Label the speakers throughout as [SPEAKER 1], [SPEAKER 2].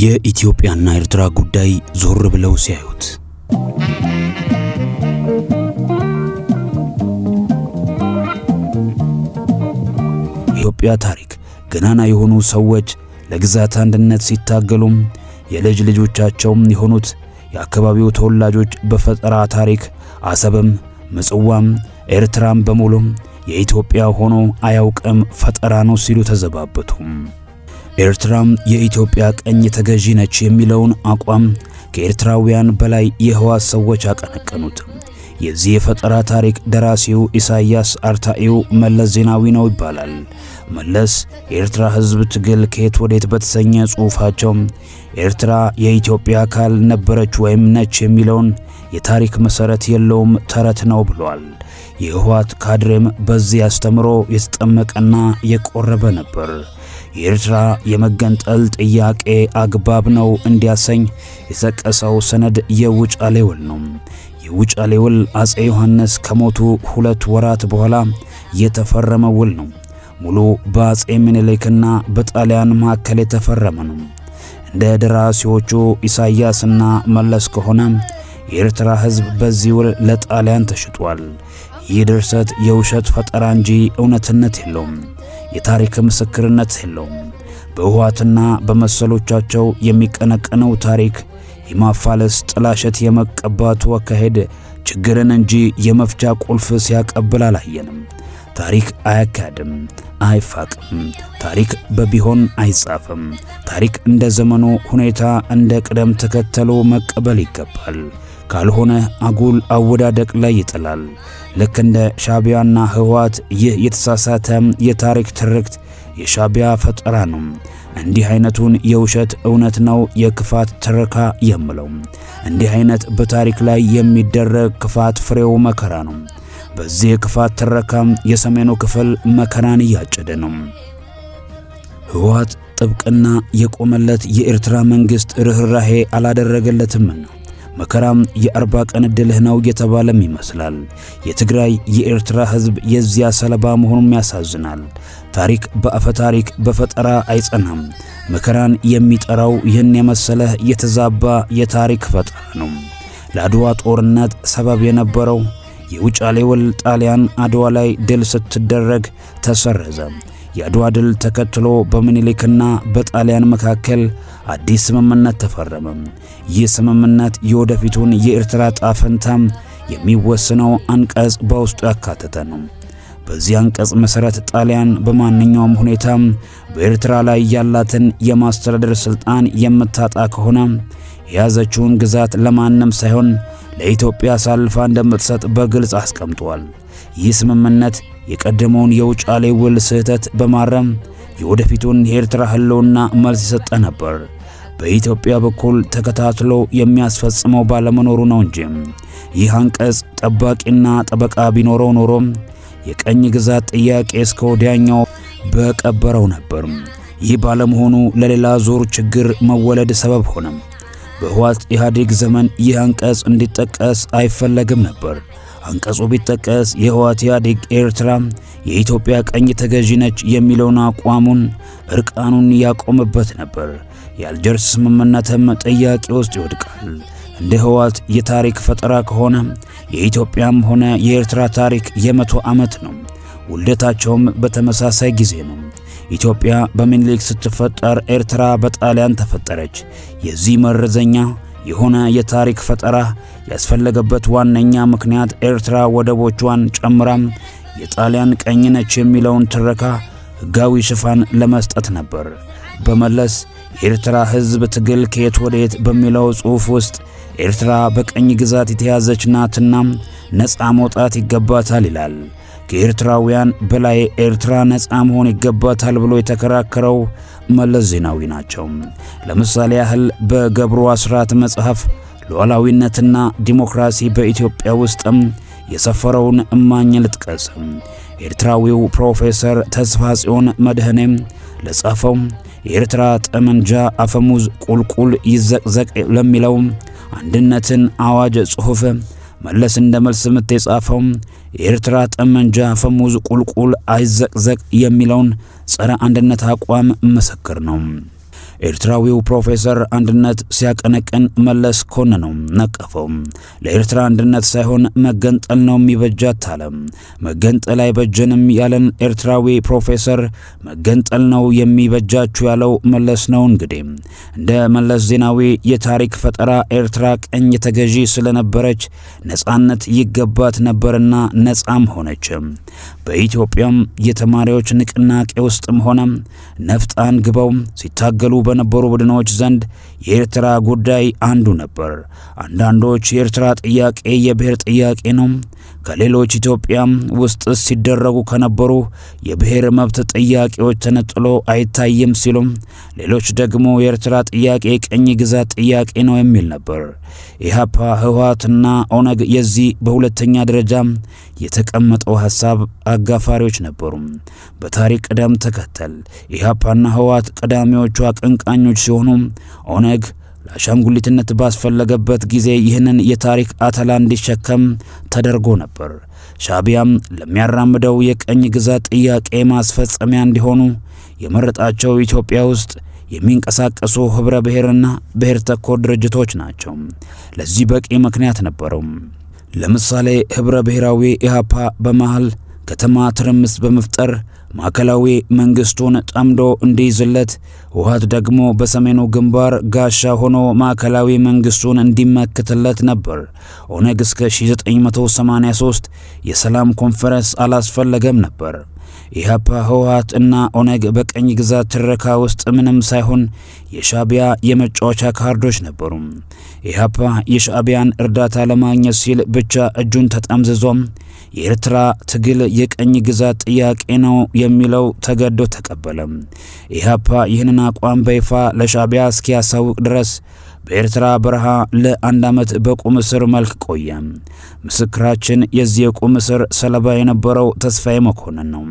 [SPEAKER 1] የኢትዮጵያና ኤርትራ ጉዳይ ዞር ብለው ሲያዩት ኢትዮጵያ ታሪክ ገናና የሆኑ ሰዎች ለግዛት አንድነት ሲታገሉም የልጅ ልጆቻቸውም የሆኑት የአካባቢው ተወላጆች በፈጠራ ታሪክ አሰብም፣ ምጽዋም፣ ኤርትራም በሙሉም የኢትዮጵያ ሆኖ አያውቅም፣ ፈጠራ ነው ሲሉ ተዘባበቱ። ኤርትራም የኢትዮጵያ ቀኝ ተገዢ ነች የሚለውን አቋም ከኤርትራውያን በላይ የህዋት ሰዎች አቀነቀኑት። የዚህ የፈጠራ ታሪክ ደራሲው ኢሳያስ አርታኢው መለስ ዜናዊ ነው ይባላል። መለስ የኤርትራ ህዝብ ትግል ከየት ወዴት በተሰኘ ጽሑፋቸው ኤርትራ የኢትዮጵያ አካል ነበረች ወይም ነች የሚለውን የታሪክ መሠረት የለውም ተረት ነው ብሏል። የህወሓት ካድሬም በዚህ አስተምሮ የተጠመቀና የቆረበ ነበር። የኤርትራ የመገንጠል ጥያቄ አግባብ ነው እንዲያሰኝ የጠቀሰው ሰነድ የውጫሌ ውል ነው። የውጫሌ ውል አጼ ዮሐንስ ከሞቱ ሁለት ወራት በኋላ የተፈረመ ውል ነው። ሙሉ በአጼ ምኒልክና በጣሊያን መካከል የተፈረመ ነው። እንደ ደራሲዎቹ ኢሳይያስና መለስ ከሆነ የኤርትራ ሕዝብ በዚህ ውል ለጣሊያን ተሽጧል። ይህ ድርሰት የውሸት ፈጠራ እንጂ እውነትነት የለውም። የታሪክ ምስክርነት የለውም። በህወሓትና በመሰሎቻቸው የሚቀነቀነው ታሪክ የማፋለስ ጥላሸት የመቀባቱ አካሄድ ችግርን እንጂ የመፍቻ ቁልፍ ሲያቀብል አላየንም። ታሪክ አያካድም፣ አይፋቅም። ታሪክ በቢሆን አይጻፍም። ታሪክ እንደ ዘመኑ ሁኔታ እንደ ቅደም ተከተሉ መቀበል ይገባል። ካልሆነ አጉል አወዳደቅ ላይ ይጥላል። ልክ እንደ ሻቢያና ህወሓት ይህ የተሳሳተ የታሪክ ትርክት የሻቢያ ፈጠራ ነው። እንዲህ አይነቱን የውሸት እውነት ነው የክፋት ትረካ የምለው። እንዲህ አይነት በታሪክ ላይ የሚደረግ ክፋት ፍሬው መከራ ነው። በዚህ የክፋት ትረካም የሰሜኑ ክፍል መከራን እያጨደ ነው። ህወሓት ጥብቅና የቆመለት የኤርትራ መንግስት ርኅራሄ አላደረገለትም ነው። መከራም የአርባ ቀን ድልህ ነው የተባለም ይመስላል። የትግራይ የኤርትራ ህዝብ የዚያ ሰለባ መሆኑም ያሳዝናል። ታሪክ በአፈ ታሪክ በፈጠራ አይጸናም። መከራን የሚጠራው ይህን የመሰለ የተዛባ የታሪክ ፈጠራ ነው። ለአድዋ ጦርነት ሰበብ የነበረው የውጫሌ ውል ጣሊያን አድዋ ላይ ድል ስትደረግ ተሰረዘ። የአድዋ ድል ተከትሎ በምኒልክና በጣሊያን መካከል አዲስ ስምምነት ተፈረመ። ይህ ስምምነት የወደፊቱን የኤርትራ ጣፈንታ የሚወስነው አንቀጽ በውስጡ ያካተተ ነው። በዚህ አንቀጽ መሰረት ጣሊያን በማንኛውም ሁኔታ በኤርትራ ላይ ያላትን የማስተዳደር ስልጣን የምታጣ ከሆነ የያዘችውን ግዛት ለማንም ሳይሆን ለኢትዮጵያ አሳልፋ እንደምትሰጥ በግልጽ አስቀምጧል። ይህ ስምምነት የቀደመውን የውጫሌ ውል ስህተት በማረም የወደፊቱን የኤርትራ ህልውና መልስ የሰጠ ነበር። በኢትዮጵያ በኩል ተከታትሎ የሚያስፈጽመው ባለመኖሩ ነው እንጂ ይህ አንቀጽ ጠባቂና ጠበቃ ቢኖረው ኖሮም የቀኝ ግዛት ጥያቄ እስከ ወዲያኛው በቀበረው ነበር። ይህ ባለመሆኑ ለሌላ ዙር ችግር መወለድ ሰበብ ሆነም። በህዋት ኢህአዴግ ዘመን ይህ አንቀጽ እንዲጠቀስ አይፈለግም ነበር። አንቀጹ ቢጠቀስ የህዋት ኢህአዴግ ኤርትራ የኢትዮጵያ ቀኝ ተገዢ ነች የሚለውን አቋሙን እርቃኑን ያቆምበት ነበር። የአልጀርስ ስምምነትም ጥያቄ ውስጥ ይወድቃል። እንደ ህወሓት የታሪክ ፈጠራ ከሆነ የኢትዮጵያም ሆነ የኤርትራ ታሪክ የመቶ ዓመት ነው። ውልደታቸውም በተመሳሳይ ጊዜ ነው። ኢትዮጵያ በሚኒሊክ ስትፈጠር ኤርትራ በጣሊያን ተፈጠረች። የዚህ መረዘኛ የሆነ የታሪክ ፈጠራ ያስፈለገበት ዋነኛ ምክንያት ኤርትራ ወደቦቿን ጨምራም የጣሊያን ቀኝ ነች የሚለውን ትረካ ሕጋዊ ሽፋን ለመስጠት ነበር። በመለስ የኤርትራ ሕዝብ ትግል ከየት ወደየት በሚለው ጽሑፍ ውስጥ ኤርትራ በቀኝ ግዛት የተያዘች ናትና ነፃ መውጣት ይገባታል ይላል። ከኤርትራውያን በላይ ኤርትራ ነፃ መሆን ይገባታል ብሎ የተከራከረው መለስ ዜናዊ ናቸው። ለምሳሌ ያህል በገብሩ አስራት መጽሐፍ ሉዓላዊነትና ዲሞክራሲ በኢትዮጵያ ውስጥም የሰፈረውን እማኝ ልጥቀስ። ኤርትራዊው ፕሮፌሰር ተስፋ ጽዮን መድህኔም ለጻፈው የኤርትራ ጠመንጃ አፈሙዝ ቁልቁል ይዘቅዘቅ ለሚለው አንድነትን አዋጅ ጽሑፍ መለስ እንደ መልስ ምት የጻፈው የኤርትራ ጠመንጃ ፈሙዝ ቁልቁል አይዘቅዘቅ የሚለውን ጸረ አንድነት አቋም ምስክር ነው። ኤርትራዊው ፕሮፌሰር አንድነት ሲያቀነቅን መለስ ነው ነቀፈው። ለኤርትራ አንድነት ሳይሆን መገንጠል ነው የሚበጃት አለ። መገንጠል አይበጀንም ያለን ኤርትራዊ ፕሮፌሰር መገንጠል ነው የሚበጃችሁ ያለው መለስ ነው። እንግዲህ እንደ መለስ ዜናዊ የታሪክ ፈጠራ ኤርትራ ቀኝ ተገዢ ስለነበረች ነጻነት ይገባት ነበርና ነጻም ሆነች። በኢትዮጵያም የተማሪዎች ንቅናቄ ውስጥም ሆነ ነፍጥ አንግበው ሲታገሉ በነበሩ ቡድኖች ዘንድ የኤርትራ ጉዳይ አንዱ ነበር። አንዳንዶች የኤርትራ ጥያቄ የብሔር ጥያቄ ነው፣ ከሌሎች ኢትዮጵያ ውስጥ ሲደረጉ ከነበሩ የብሔር መብት ጥያቄዎች ተነጥሎ አይታይም ሲሉም፣ ሌሎች ደግሞ የኤርትራ ጥያቄ የቅኝ ግዛት ጥያቄ ነው የሚል ነበር። ኢህአፓ፣ ህወሓትና ኦነግ የዚህ በሁለተኛ ደረጃ የተቀመጠው ሀሳብ አጋፋሪዎች ነበሩ። በታሪክ ቅደም ተከተል ኢህአፓና ህወሓት ቀዳሚዎቹ አቀንቃኞች ሲሆኑ ኦነግ ለአሻንጉሊትነት ባስፈለገበት ጊዜ ይህንን የታሪክ አተላ እንዲሸከም ተደርጎ ነበር። ሻቢያም ለሚያራምደው የቅኝ ግዛት ጥያቄ ማስፈጸሚያ እንዲሆኑ የመረጣቸው ኢትዮጵያ ውስጥ የሚንቀሳቀሱ ኅብረ ብሔርና ብሔር ተኮር ድርጅቶች ናቸው። ለዚህ በቂ ምክንያት ነበረው። ለምሳሌ ኅብረ ብሔራዊ ኢህአፓ በመሃል ከተማ ትርምስ በመፍጠር ማዕከላዊ መንግስቱን ጠምዶ እንዲይዝለት ህወሓት ደግሞ በሰሜኑ ግንባር ጋሻ ሆኖ ማዕከላዊ መንግስቱን እንዲመክትለት ነበር። ኦነግ እስከ 1983 የሰላም ኮንፈረንስ አላስፈለገም ነበር። ኢህአፓ፣ ህወሀት እና ኦነግ በቀኝ ግዛት ትረካ ውስጥ ምንም ሳይሆን የሻቢያ የመጫወቻ ካርዶች ነበሩ። ኢህአፓ የሻቢያን እርዳታ ለማግኘት ሲል ብቻ እጁን ተጠምዝዞም የኤርትራ ትግል የቀኝ ግዛት ጥያቄ ነው የሚለው ተገዶ ተቀበለም። ኢህአፓ ይህንን አቋም በይፋ ለሻዕቢያ እስኪያሳውቅ ድረስ በኤርትራ በረሃ ለአንድ ዓመት በቁም እስር መልክ ቆየ። ምስክራችን የዚህ የቁም እስር ሰለባ የነበረው ተስፋዬ መኮንን ነው።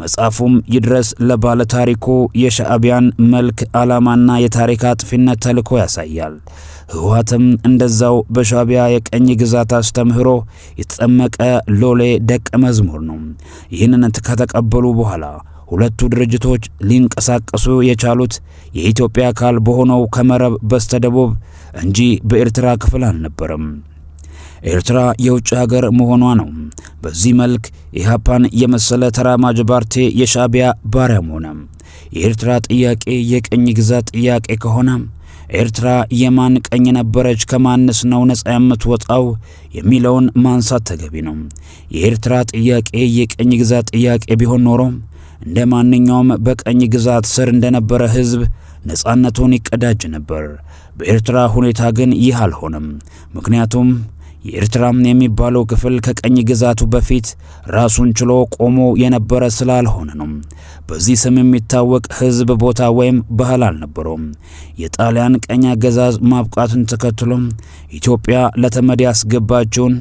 [SPEAKER 1] መጽሐፉም ይድረስ ለባለ ታሪኩ የሻዕቢያን መልክ፣ ዓላማና የታሪክ አጥፊነት ተልዕኮ ያሳያል። ህወሓትም እንደዛው በሻዕቢያ የቀኝ ግዛት አስተምህሮ የተጠመቀ ሎሌ ደቀ መዝሙር ነው። ይህንን ከተቀበሉ በኋላ ሁለቱ ድርጅቶች ሊንቀሳቀሱ የቻሉት የኢትዮጵያ አካል በሆነው ከመረብ በስተደቡብ እንጂ በኤርትራ ክፍል አልነበረም። ኤርትራ የውጭ ሀገር መሆኗ ነው። በዚህ መልክ ኢህአፓን የመሰለ ተራማጅ ፓርቲ የሻቢያ ባሪያም ሆነ። የኤርትራ ጥያቄ የቅኝ ግዛት ጥያቄ ከሆነ ኤርትራ የማን ቀኝ ነበረች? ከማንስ ነው ነጻ የምትወጣው የሚለውን ማንሳት ተገቢ ነው። የኤርትራ ጥያቄ የቅኝ ግዛት ጥያቄ ቢሆን ኖሮ እንደ ማንኛውም በቀኝ ግዛት ስር እንደነበረ ህዝብ ነፃነቱን ይቀዳጅ ነበር። በኤርትራ ሁኔታ ግን ይህ አልሆነም። ምክንያቱም የኤርትራም የሚባለው ክፍል ከቀኝ ግዛቱ በፊት ራሱን ችሎ ቆሞ የነበረ ስላልሆነ ነው። በዚህ ስም የሚታወቅ ህዝብ ቦታ ወይም ባህል አልነበረውም። የጣሊያን ቀኝ አገዛዝ ማብቃትን ተከትሎ ኢትዮጵያ ለተመድ ያስገባችውን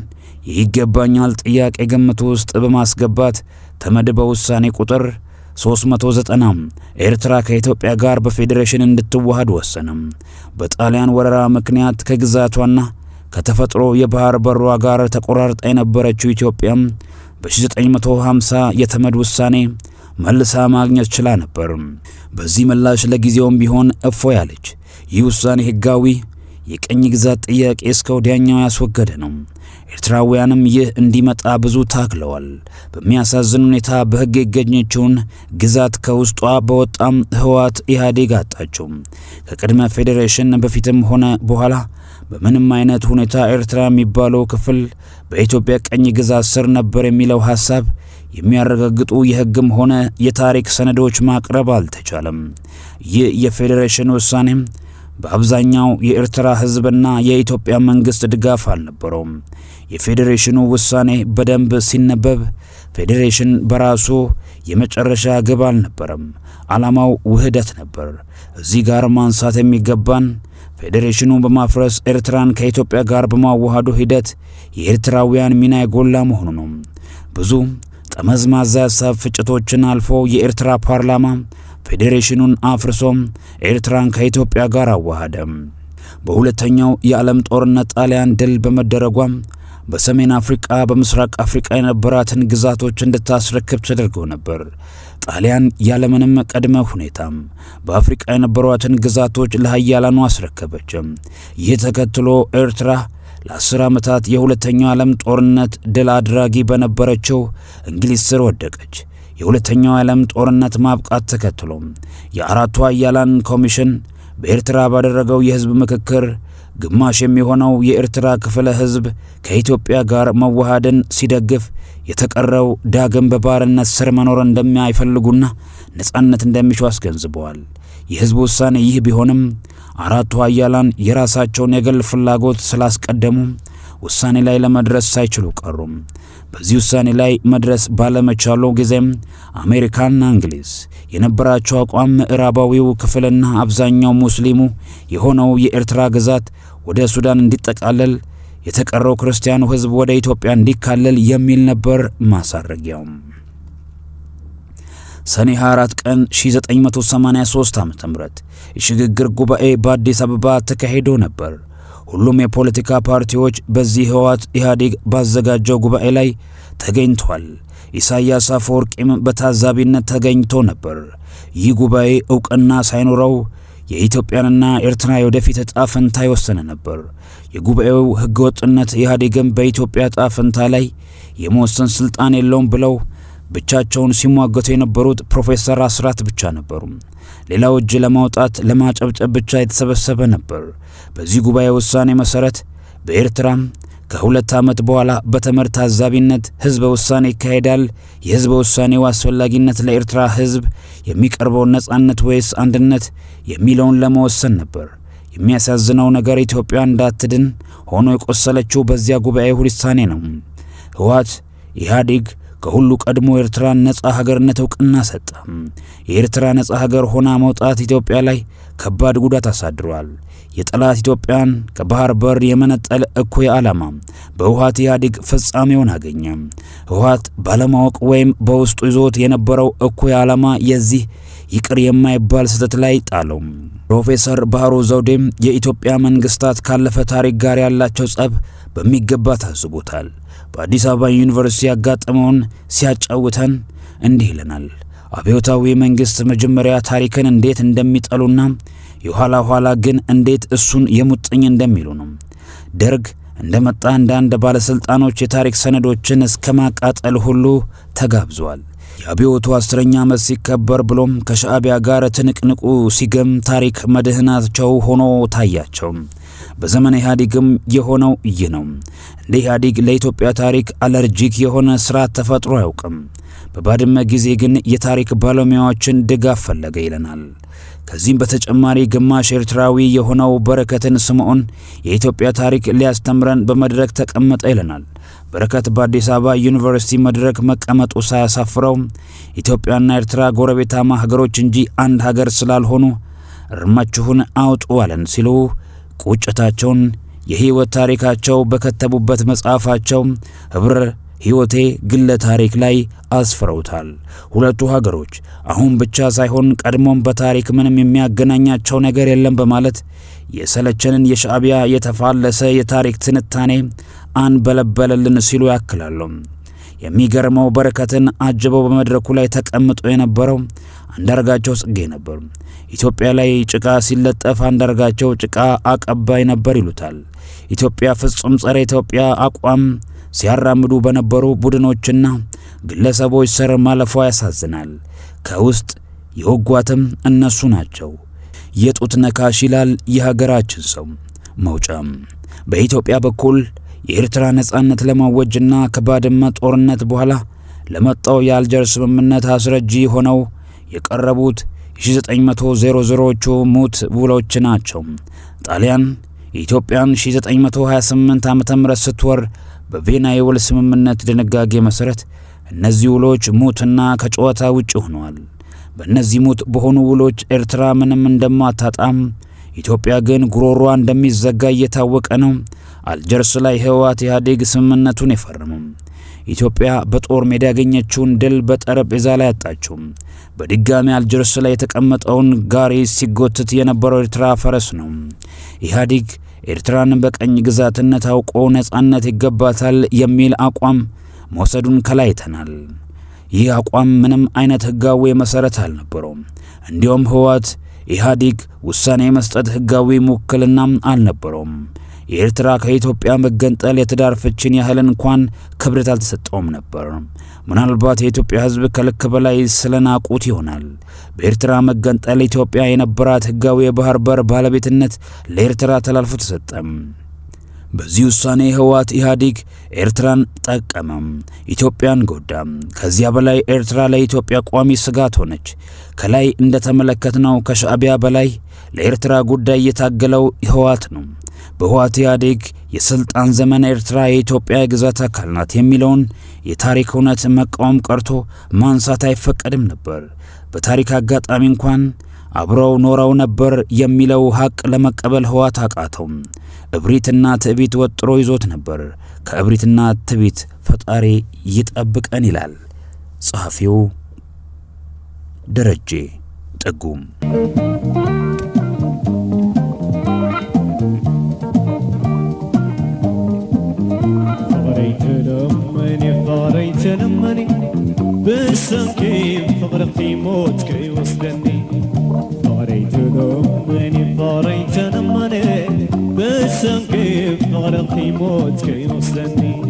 [SPEAKER 1] ይገባኛል ጥያቄ ግምት ውስጥ በማስገባት ተመድ በውሳኔ ቁጥር 390 ኤርትራ ከኢትዮጵያ ጋር በፌዴሬሽን እንድትዋሃድ ወሰነም። በጣሊያን ወረራ ምክንያት ከግዛቷና ከተፈጥሮ የባህር በሯ ጋር ተቆራርጣ የነበረችው ኢትዮጵያም በ1950 የተመድ ውሳኔ መልሳ ማግኘት ችላ ነበር። በዚህ ምላሽ ለጊዜውም ቢሆን እፎ ያለች ይህ ውሳኔ ህጋዊ የቅኝ ግዛት ጥያቄ እስከ ወዲያኛው ያስወገደ ነው። ኤርትራውያንም ይህ እንዲመጣ ብዙ ታግለዋል። በሚያሳዝን ሁኔታ በሕግ የገኘችውን ግዛት ከውስጧ በወጣም ህወሓት ኢህአዴግ አጣችው። ከቅድመ ፌዴሬሽን በፊትም ሆነ በኋላ በምንም አይነት ሁኔታ ኤርትራ የሚባለው ክፍል በኢትዮጵያ ቅኝ ግዛት ስር ነበር የሚለው ሐሳብ የሚያረጋግጡ የሕግም ሆነ የታሪክ ሰነዶች ማቅረብ አልተቻለም። ይህ የፌዴሬሽን ውሳኔም በአብዛኛው የኤርትራ ህዝብና የኢትዮጵያ መንግስት ድጋፍ አልነበረውም። የፌዴሬሽኑ ውሳኔ በደንብ ሲነበብ ፌዴሬሽን በራሱ የመጨረሻ ግብ አልነበረም። ዓላማው ውህደት ነበር። እዚህ ጋር ማንሳት የሚገባን ፌዴሬሽኑ በማፍረስ ኤርትራን ከኢትዮጵያ ጋር በማዋሃዱ ሂደት የኤርትራውያን ሚና የጎላ መሆኑ ነው። ብዙ ጠመዝማዛ ሀሳብ ፍጭቶችን አልፎ የኤርትራ ፓርላማ ፌዴሬሽኑን አፍርሶም ኤርትራን ከኢትዮጵያ ጋር አዋሃደም። በሁለተኛው የዓለም ጦርነት ጣሊያን ድል በመደረጓም በሰሜን አፍሪቃ በምስራቅ አፍሪቃ የነበራትን ግዛቶች እንድታስረክብ ተደርገው ነበር። ጣሊያን ያለምንም ቅድመ ሁኔታም በአፍሪቃ የነበሯትን ግዛቶች ለሀያላኑ አስረከበችም። ይህ ተከትሎ ኤርትራ ለአስር ዓመታት የሁለተኛው ዓለም ጦርነት ድል አድራጊ በነበረችው እንግሊዝ ስር ወደቀች። የሁለተኛው ዓለም ጦርነት ማብቃት ተከትሎ የአራቱ አያላን ኮሚሽን በኤርትራ ባደረገው የሕዝብ ምክክር ግማሽ የሚሆነው የኤርትራ ክፍለ ሕዝብ ከኢትዮጵያ ጋር መዋሃድን ሲደግፍ፣ የተቀረው ዳግም በባርነት ስር መኖር እንደማይፈልጉና ነጻነት እንደሚሹ አስገንዝበዋል። የሕዝብ ውሳኔ ይህ ቢሆንም አራቱ አያላን የራሳቸውን የግል ፍላጎት ስላስቀደሙ ውሳኔ ላይ ለመድረስ ሳይችሉ ቀሩም። በዚህ ውሳኔ ላይ መድረስ ባለመቻሉ ጊዜም አሜሪካና እንግሊዝ የነበራቸው አቋም ምዕራባዊው ክፍልና አብዛኛው ሙስሊሙ የሆነው የኤርትራ ግዛት ወደ ሱዳን እንዲጠቃለል የተቀረው ክርስቲያኑ ሕዝብ ወደ ኢትዮጵያ እንዲካለል የሚል ነበር ማሳረጊያውም። ሰኔ 24 ቀን 1983 ዓ.ም የሽግግር ጉባኤ በአዲስ አበባ ተካሂዶ ነበር። ሁሉም የፖለቲካ ፓርቲዎች በዚህ ህወሓት ኢህአዴግ ባዘጋጀው ጉባኤ ላይ ተገኝቷል። ኢሳያስ አፈወርቂም በታዛቢነት ተገኝቶ ነበር። ይህ ጉባኤ እውቅና ሳይኖረው የኢትዮጵያንና ኤርትራ የወደፊት እጣ ፈንታ የወሰነ ነበር። የጉባኤው ህገወጥነት ኢህአዴግም በኢትዮጵያ እጣ ፈንታ ላይ የመወሰን ስልጣን የለውም ብለው ብቻቸውን ሲሟገቱ የነበሩት ፕሮፌሰር አስራት ብቻ ነበሩ። ሌላው እጅ ለማውጣት ለማጨብጨብ ብቻ የተሰበሰበ ነበር። በዚህ ጉባኤ ውሳኔ መሰረት በኤርትራም ከሁለት ዓመት በኋላ በተመድ ታዛቢነት ህዝበ ውሳኔ ይካሄዳል። የህዝበ ውሳኔው አስፈላጊነት ለኤርትራ ህዝብ የሚቀርበውን ነጻነት ወይስ አንድነት የሚለውን ለመወሰን ነበር። የሚያሳዝነው ነገር ኢትዮጵያ እንዳትድን ሆኖ የቆሰለችው በዚያ ጉባኤ ውሳኔ ነው። ህወሓት ኢህአዴግ ከሁሉ ቀድሞ ኤርትራን ነጻ ሀገርነት እውቅና ሰጠ። የኤርትራ ነጻ ሀገር ሆና መውጣት ኢትዮጵያ ላይ ከባድ ጉዳት አሳድሯል። የጠላት ኢትዮጵያን ከባህር በር የመነጠል እኩይ ዓላማ በህወሓት ኢህአዴግ ፍጻሜውን አገኘ። ህወሓት ባለማወቅ ወይም በውስጡ ይዞት የነበረው እኩይ ዓላማ የዚህ ይቅር የማይባል ስህተት ላይ ጣለው። ፕሮፌሰር ባህሩ ዘውዴም የኢትዮጵያ መንግስታት ካለፈ ታሪክ ጋር ያላቸው ጸብ በሚገባ ታስቦታል በአዲስ አበባ ዩኒቨርሲቲ ያጋጠመውን ሲያጫውተን እንዲህ ይለናል። አብዮታዊ መንግስት መጀመሪያ ታሪክን እንዴት እንደሚጠሉና የኋላ ኋላ ግን እንዴት እሱን የሙጥኝ እንደሚሉ ነው። ደርግ እንደመጣ አንዳንድ ባለስልጣኖች የታሪክ ሰነዶችን እስከ ማቃጠል ሁሉ ተጋብዘዋል። የአብዮቱ አስረኛ ዓመት ሲከበር ብሎም ከሻዕቢያ ጋር ትንቅንቁ ሲገም ታሪክ መድህናቸው ሆኖ ታያቸው። በዘመነ ኢህአዴግም የሆነው ይህ ነው። እንደ ኢህአዴግ ለኢትዮጵያ ታሪክ አለርጂክ የሆነ ስርዓት ተፈጥሮ አያውቅም። በባድመ ጊዜ ግን የታሪክ ባለሙያዎችን ድጋፍ ፈለገ ይለናል። ከዚህም በተጨማሪ ግማሽ ኤርትራዊ የሆነው በረከትን ስምዖን የኢትዮጵያ ታሪክ ሊያስተምረን በመድረክ ተቀመጠ ይለናል። በረከት በአዲስ አበባ ዩኒቨርሲቲ መድረክ መቀመጡ ሳያሳፍረው ኢትዮጵያና ኤርትራ ጎረቤታማ ሀገሮች እንጂ አንድ ሀገር ስላልሆኑ እርማችሁን አውጡ አለን ሲሉ ቁጭታቸውን የህይወት ታሪካቸው በከተቡበት መጽሐፋቸው ኅብር ሕይወቴ ግለ ታሪክ ላይ አስፍረውታል። ሁለቱ ሀገሮች አሁን ብቻ ሳይሆን ቀድሞም በታሪክ ምንም የሚያገናኛቸው ነገር የለም በማለት የሰለቸንን የሻዕቢያ የተፋለሰ የታሪክ ትንታኔ አንበለበለልን ሲሉ ያክላሉ። የሚገርመው በረከትን አጅበው በመድረኩ ላይ ተቀምጦ የነበረው አንዳርጋቸው ጽጌ ነበሩ። ኢትዮጵያ ላይ ጭቃ ሲለጠፍ አንዳርጋቸው ጭቃ አቀባይ ነበር ይሉታል። ኢትዮጵያ ፍጹም ጸረ ኢትዮጵያ አቋም ሲያራምዱ በነበሩ ቡድኖችና ግለሰቦች ስር ማለፏ ያሳዝናል። ከውስጥ የወጓትም እነሱ ናቸው። የጡት ነካሽ ይላል የሀገራችን ሰው። መውጫም በኢትዮጵያ በኩል የኤርትራ ነጻነት ለማወጅና ከባድመ ጦርነት በኋላ ለመጣው የአልጀር ስምምነት አስረጂ ሆነው የቀረቡት የ1900ዎቹ ሙት ውሎች ናቸው። ጣሊያን የኢትዮጵያን 1928 ም ስትወር በቬና የውል ስምምነት ድንጋጌ መሰረት እነዚህ ውሎች ሙትና ከጨዋታ ውጭ ሆነዋል። በእነዚህ ሙት በሆኑ ውሎች ኤርትራ ምንም እንደማታጣም፣ ኢትዮጵያ ግን ጉሮሯ እንደሚዘጋ እየታወቀ ነው። አልጀርስ ላይ ህወሓት ኢህአዴግ ስምምነቱን የፈረመም ኢትዮጵያ በጦር ሜዳ ያገኘችውን ድል በጠረጴዛ ላይ አጣችው። በድጋሚ አልጀርስ ላይ የተቀመጠውን ጋሪ ሲጎትት የነበረው ኤርትራ ፈረስ ነው። ኢህአዴግ ኤርትራን በቀኝ ግዛትነት አውቆ ነጻነት ይገባታል የሚል አቋም መውሰዱን ከላይተናል። ይህ አቋም ምንም አይነት ህጋዊ መሰረት አልነበረውም። እንዲሁም ህወሓት ኢህአዴግ ውሳኔ የመስጠት ህጋዊ ውክልና አልነበረውም። የኤርትራ ከኢትዮጵያ መገንጠል የትዳር ፍችን ያህል እንኳን ክብደት አልተሰጠውም ነበር። ምናልባት የኢትዮጵያ ሕዝብ ከልክ በላይ ስለናቁት ይሆናል። በኤርትራ መገንጠል ኢትዮጵያ የነበራት ሕጋዊ የባህር በር ባለቤትነት ለኤርትራ ተላልፎ ተሰጠም። በዚህ ውሳኔ ህወሓት ኢህአዴግ ኤርትራን ጠቀመም፣ ኢትዮጵያን ጎዳም። ከዚያ በላይ ኤርትራ ለኢትዮጵያ ቋሚ ስጋት ሆነች። ከላይ እንደተመለከትነው ከሻዕቢያ በላይ ለኤርትራ ጉዳይ የታገለው ህወሓት ነው። በህወሓት ኢህአዴግ የስልጣን ዘመን ኤርትራ የኢትዮጵያ ግዛት አካል ናት የሚለውን የታሪክ እውነት መቃወም ቀርቶ ማንሳት አይፈቀድም ነበር። በታሪክ አጋጣሚ እንኳን አብረው ኖረው ነበር የሚለው ሀቅ ለመቀበል ህወሓት አቃተው። እብሪትና ትዕቢት ወጥሮ ይዞት ነበር። ከእብሪትና ትዕቢት ፈጣሪ ይጠብቀን ይላል ጸሐፊው ደረጀ ጥጉም። سنكيف غرق موت كي نوصلني